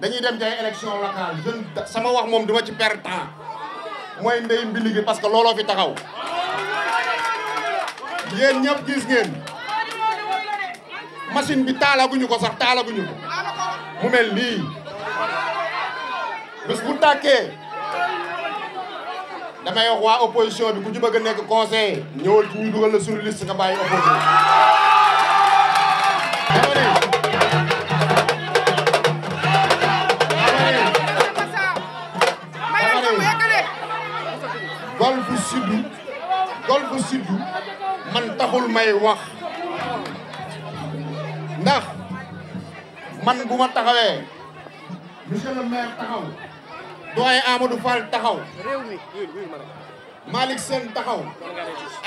dañuy dem ci ay élection sama wax moom duma ci perdre temps mooy ndey mbili gi parce que looloo fi taxaw yéen ñëpp gis ngeen machine bi taalaguñu ko sax taalaguñu ko mu mel nii bés bu tàkkee damay wax waa opposition bi ku ci bëgg a nekk conseiller ñëwal ci ñu dugal la suñu liste nga bàyyi opposition Sud Golf Sud man taxul may wax ndax man bu ma taxawee monsieur le maire taxaw doyen taxaw Malick Sène taxaw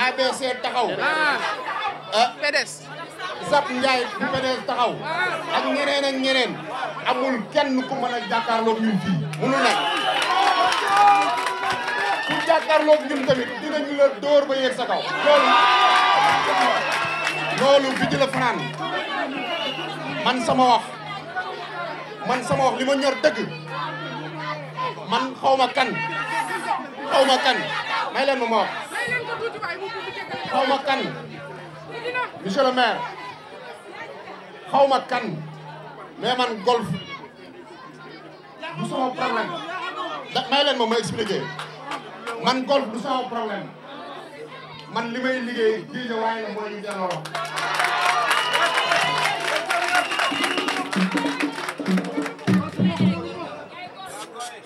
ABC taxaw ah, ah, PDS Zap Ndiaye bu PDS taxaw a ah. ñeneen ak ñeneen kenn ku mën a jàkkaarloo ñun fii mënul nekk jàkkaarloog ñun tamit dinañu la dóor ba yegg sa kaw. loolu loolu bi la fanaan man sama wax man sama wax li ma ñor dëgg man xaw ma kan xaw ma kan may leen ma ma wax xaw ma kan monsieur le maire xaw ma kan mais man golf du sama problème da may leen ma ma expliquer. man golf du sama problème man li may liggéey Guédiawaye mooy ñu jaloor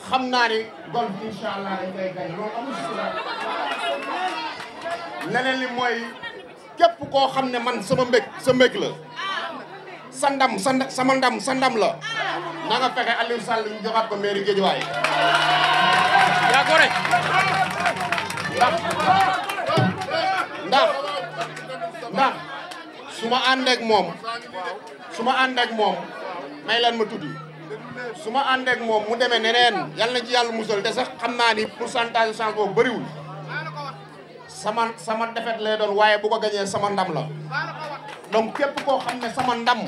xam naa ni golf incha allah dañ koy gañ loolu amul si leneen li mooy képp koo xam ne man sama mbég sa mbég la sa ndam sa sama ndam sa ndam la na nga fexe sal Sall ñu joxaat ko mairie Guédiawaye su ma ànd moom su ma ànd moom may lan ma tudd suma ma moom mu demee neneen yàlla na ci yàlla musal te sax xam naa ni pourcentage de chance boobu bëriwul sama sama defet lay doon waaye bu ko gañee sama ndam la donc képp koo xam ne sama ndam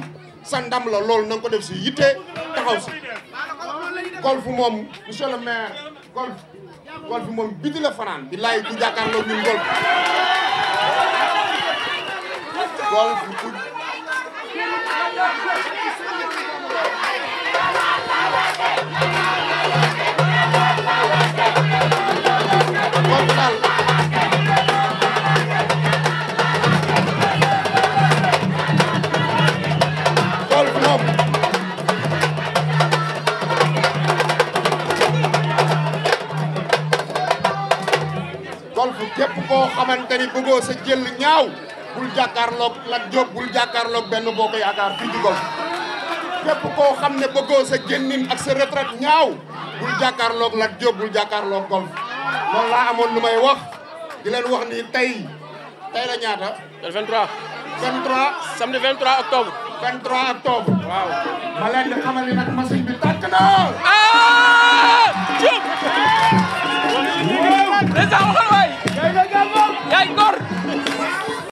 sa ndam la loolu na ko def si yitte taxaw si golf moom monsieur le maire golf golf moom biti la fanaan bi laay du jàkkaarloo ñun golf golf képp koo xamante ni bëggoo sa jël ñaaw bul jàkkaarloog Lat Diop bul jàkkaarloog benn boo ko yaakaar fii ci golf képp koo xam ne bëggoo sa génnin ak sa retraite ñaaw bul jàkkaarloog Lat Diop bul jàkkaarloog golf loolu laa amoon lu may wax di leen wax ni tey tey la ñaata. le 23. 23. samedi 23 octobre. 23 octobre. waaw. ma leen di xamal ni bi tàkk na. Ah!